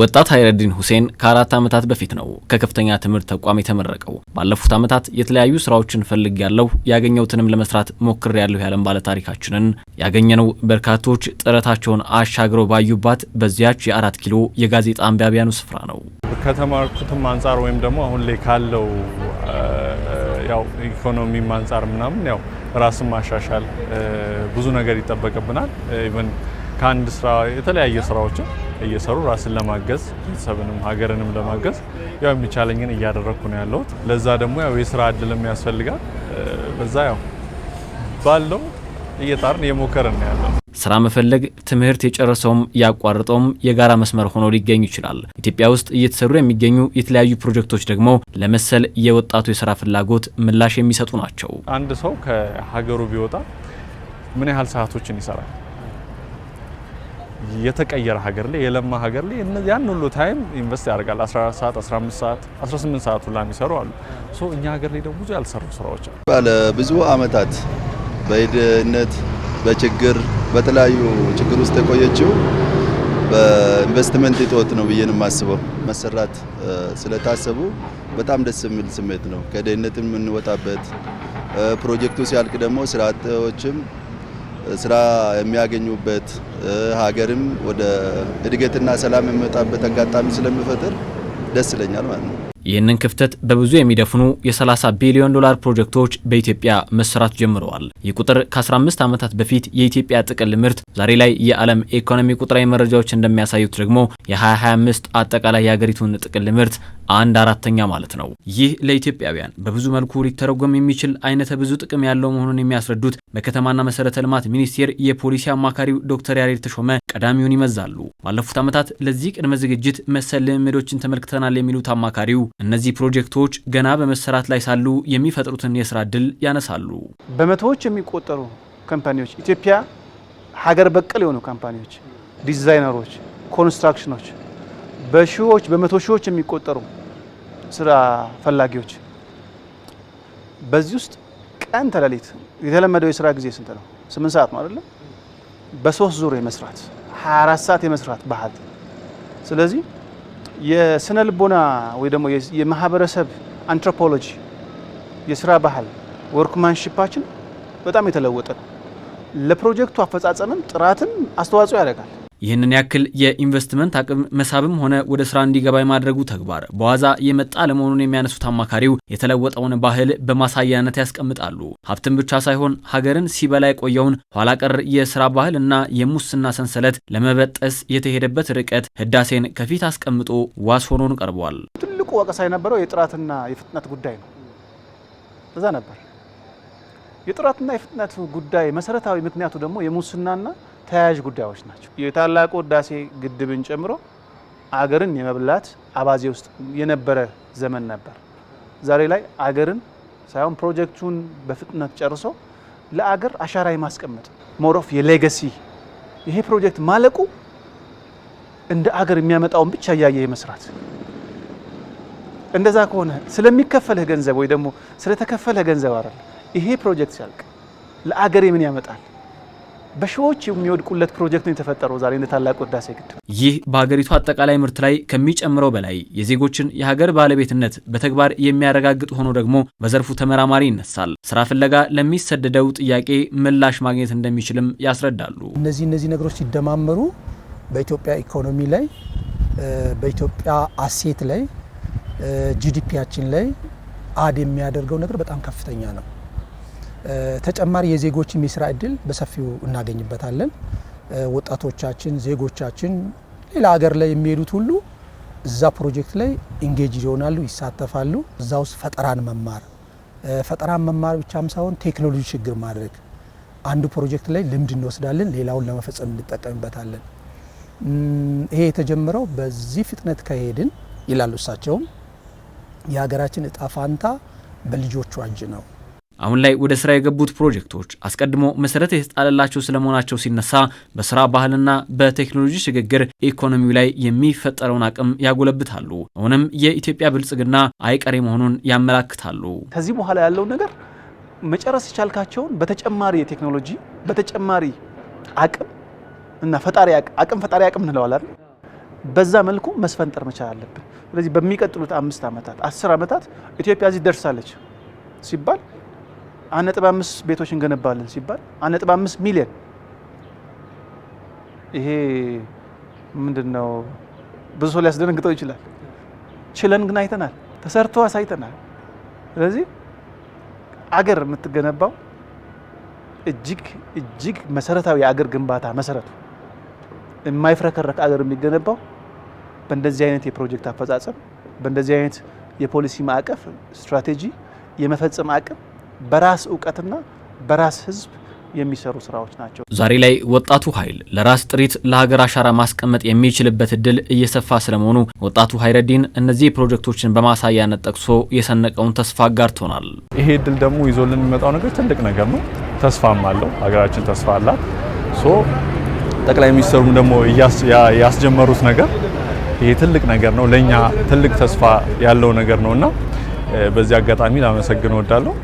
ወጣት ሀይረዲን ሁሴን ከአራት ዓመታት በፊት ነው ከከፍተኛ ትምህርት ተቋም የተመረቀው። ባለፉት ዓመታት የተለያዩ ስራዎችን ፈልግ ያለው ያገኘሁትንም ለመስራት ሞክር ያለሁ ያለም ባለታሪካችንን ያገኘነው በርካቶች ጥረታቸውን አሻግረው ባዩባት በዚያች የአራት ኪሎ የጋዜጣ አንባቢያኑ ስፍራ ነው። ከተማርኩትም አንጻር ወይም ደግሞ አሁን ላይ ካለው ያው ኢኮኖሚም አንጻር ምናምን ያው ራስን ማሻሻል ብዙ ነገር ይጠበቅብናል ኢቨን ከአንድ ስራ የተለያየ ስራዎችን እየሰሩ ራስን ለማገዝ ቤተሰብንም ሀገርንም ለማገዝ ያው የሚቻለኝን እያደረግኩ ነው ያለሁት። ለዛ ደግሞ ያው የስራ እድልም ያስፈልጋል። በዛ ያው ባለው እየጣርን እየሞከርን ነው ያለው። ስራ መፈለግ ትምህርት የጨረሰውም ያቋርጠውም የጋራ መስመር ሆኖ ሊገኝ ይችላል። ኢትዮጵያ ውስጥ እየተሰሩ የሚገኙ የተለያዩ ፕሮጀክቶች ደግሞ ለመሰል የወጣቱ የስራ ፍላጎት ምላሽ የሚሰጡ ናቸው። አንድ ሰው ከሀገሩ ቢወጣ ምን ያህል ሰዓቶችን ይሰራል? የተቀየረ ሀገር ላይ የለማ ሀገር ላይ ያን ሁሉ ታይም ኢንቨስት ያደርጋል። 14 ሰዓት፣ 15 ሰዓት፣ 18 ሰዓት ሁላ የሚሰሩ አሉ። ሶ እኛ ሀገር ላይ ደግሞ ብዙ ያልሰሩ ስራዎች አሉ። ባለ ብዙ አመታት በድህነት በችግር በተለያዩ ችግር ውስጥ የቆየችው በኢንቨስትመንት እጦት ነው ብዬ ነው የማስበው። መሰራት ስለታሰቡ በጣም ደስ የሚል ስሜት ነው። ከድህነት የምንወጣበት ፕሮጀክቱ ሲያልቅ ደግሞ ስራ ስራ የሚያገኙበት ሀገርም ወደ እድገትና ሰላም የሚመጣበት አጋጣሚ ስለሚፈጥር ደስ ይለኛል ማለት ነው። ይህንን ክፍተት በብዙ የሚደፍኑ የ30 ቢሊዮን ዶላር ፕሮጀክቶች በኢትዮጵያ መሰራት ጀምረዋል። ይህ ቁጥር ከ15 ዓመታት በፊት የኢትዮጵያ ጥቅል ምርት ዛሬ ላይ የዓለም ኢኮኖሚ ቁጥራዊ መረጃዎች እንደሚያሳዩት ደግሞ የ2025 አጠቃላይ የሀገሪቱን ጥቅል ምርት አንድ አራተኛ ማለት ነው። ይህ ለኢትዮጵያውያን በብዙ መልኩ ሊተረጎም የሚችል አይነተ ብዙ ጥቅም ያለው መሆኑን የሚያስረዱት በከተማና መሰረተ ልማት ሚኒስቴር የፖሊሲ አማካሪው ዶክተር ያሬድ ተሾመ ቀዳሚውን ይመዛሉ። ባለፉት ዓመታት ለዚህ ቅድመ ዝግጅት መሰል ልምዶችን ተመልክተናል የሚሉት አማካሪው እነዚህ ፕሮጀክቶች ገና በመሰራት ላይ ሳሉ የሚፈጥሩትን የስራ እድል ያነሳሉ። በመቶዎች የሚቆጠሩ ካምፓኒዎች ኢትዮጵያ ሀገር በቀል የሆኑ ካምፓኒዎች፣ ዲዛይነሮች፣ ኮንስትራክሽኖች በሺዎች በመቶ ሺዎች የሚቆጠሩ ስራ ፈላጊዎች በዚህ ውስጥ ቀን ተለሊት የተለመደው የስራ ጊዜ ስንት ነው? ስምንት ሰዓት ነው አይደለም? በሶስት ዙር የመስራት 24 ሰዓት የመስራት ባህል ስለዚህ የስነ ልቦና ወይ ደግሞ የማህበረሰብ አንትሮፖሎጂ የስራ ባህል ወርክማንሽፓችን በጣም የተለወጠ ነው። ለፕሮጀክቱ አፈጻጸምም ጥራትም አስተዋጽኦ ያደርጋል። ይህንን ያክል የኢንቨስትመንት አቅም መሳብም ሆነ ወደ ስራ እንዲገባ የማድረጉ ተግባር በዋዛ የመጣ ለመሆኑን የሚያነሱት አማካሪው የተለወጠውን ባህል በማሳያነት ያስቀምጣሉ። ሀብትን ብቻ ሳይሆን ሀገርን ሲበላ የቆየውን ኋላቀር የስራ ባህል እና የሙስና ሰንሰለት ለመበጠስ የተሄደበት ርቀት ህዳሴን ከፊት አስቀምጦ ዋስ ሆኖን ቀርቧል። ትልቁ ወቀሳ የነበረው የጥራትና የፍጥነት ጉዳይ ነው። እዛ ነበር የጥራትና የፍጥነቱ ጉዳይ መሰረታዊ ምክንያቱ ደግሞ የሙስናና ተያያዥ ጉዳዮች ናቸው። የታላቁ ህዳሴ ግድብን ጨምሮ አገርን የመብላት አባዜ ውስጥ የነበረ ዘመን ነበር። ዛሬ ላይ አገርን ሳይሆን ፕሮጀክቱን በፍጥነት ጨርሶ ለአገር አሻራ የማስቀመጥ ሞሮፍ የሌገሲ ይሄ ፕሮጀክት ማለቁ እንደ አገር የሚያመጣውን ብቻ እያየ የመስራት እንደዛ ከሆነ ስለሚከፈልህ ገንዘብ ወይ ደግሞ ስለተከፈለህ ገንዘብ አይደል። ይሄ ፕሮጀክት ሲያልቅ ለአገሬ ምን ያመጣል? በሺዎች የሚወድቁለት ፕሮጀክት ነው የተፈጠረው ዛሬ እንደ ታላቁ ህዳሴ ግድብ። ይህ በሀገሪቱ አጠቃላይ ምርት ላይ ከሚጨምረው በላይ የዜጎችን የሀገር ባለቤትነት በተግባር የሚያረጋግጥ ሆኖ ደግሞ በዘርፉ ተመራማሪ ይነሳል። ስራ ፍለጋ ለሚሰደደው ጥያቄ ምላሽ ማግኘት እንደሚችልም ያስረዳሉ። እነዚህ እነዚህ ነገሮች ሲደማመሩ በኢትዮጵያ ኢኮኖሚ ላይ በኢትዮጵያ አሴት ላይ ጂዲፒያችን ላይ አድ የሚያደርገው ነገር በጣም ከፍተኛ ነው። ተጨማሪ የዜጎችን የስራ እድል በሰፊው እናገኝበታለን። ወጣቶቻችን፣ ዜጎቻችን ሌላ ሀገር ላይ የሚሄዱት ሁሉ እዛ ፕሮጀክት ላይ ኢንጌጅ ይሆናሉ፣ ይሳተፋሉ። እዛ ውስጥ ፈጠራን መማር ፈጠራን መማር ብቻም ሳይሆን ቴክኖሎጂ ችግር ማድረግ አንዱ ፕሮጀክት ላይ ልምድ እንወስዳለን፣ ሌላውን ለመፈጸም እንጠቀምበታለን። ይሄ የተጀመረው በዚህ ፍጥነት ከሄድን ይላሉ እሳቸውም የሀገራችን እጣ ፋንታ በልጆቹ እጅ ነው። አሁን ላይ ወደ ስራ የገቡት ፕሮጀክቶች አስቀድሞ መሰረት የተጣለላቸው ስለመሆናቸው ሲነሳ በስራ ባህልና በቴክኖሎጂ ሽግግር ኢኮኖሚው ላይ የሚፈጠረውን አቅም ያጎለብታሉ። አሁንም የኢትዮጵያ ብልጽግና አይቀሬ መሆኑን ያመላክታሉ። ከዚህ በኋላ ያለው ነገር መጨረስ የቻልካቸውን በተጨማሪ የቴክኖሎጂ በተጨማሪ አቅም እና ፈጣሪ አቅም ፈጣሪ አቅም እንለዋለን። በዛ መልኩ መስፈንጠር መቻል አለብን። ስለዚህ በሚቀጥሉት አምስት ዓመታት አስር ዓመታት ኢትዮጵያ እዚህ ደርሳለች ሲባል አንድ ነጥብ አምስት ቤቶች እንገነባለን ሲባል አንድ ነጥብ አምስት ሚሊዮን ይሄ ምንድን ነው? ብዙ ሰው ሊያስደነግጠው ይችላል። ችለን ግን አይተናል፣ ተሰርቶ አሳይተናል። ስለዚህ አገር የምትገነባው እጅግ እጅግ መሰረታዊ የአገር ግንባታ መሰረቱ የማይፍረከረክ አገር የሚገነባው በእንደዚህ አይነት የፕሮጀክት አፈጻጸም፣ በእንደዚህ አይነት የፖሊሲ ማዕቀፍ ስትራቴጂ የመፈጸም አቅም በራስ እውቀትና በራስ ህዝብ የሚሰሩ ስራዎች ናቸው። ዛሬ ላይ ወጣቱ ኃይል ለራስ ጥሪት ለሀገር አሻራ ማስቀመጥ የሚችልበት እድል እየሰፋ ስለመሆኑ ወጣቱ ሀይረዲን እነዚህ ፕሮጀክቶችን በማሳያነት ጠቅሶ የሰነቀውን ተስፋ አጋርቶናል። ይሄ እድል ደግሞ ይዞልን የሚመጣው ነገር ትልቅ ነገር ነው። ተስፋም አለው። ሀገራችን ተስፋ አላት። ሶ ጠቅላይ ሚኒስትሩም ደግሞ ያስጀመሩት ነገር ይሄ ትልቅ ነገር ነው። ለእኛ ትልቅ ተስፋ ያለው ነገር ነው እና በዚህ አጋጣሚ ላመሰግን እወዳለሁ።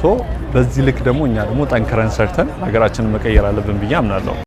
ሶ በዚህ ልክ ደግሞ እኛ ደግሞ ጠንክረን ሰርተን ሀገራችንን መቀየር አለብን ብዬ አምናለሁ።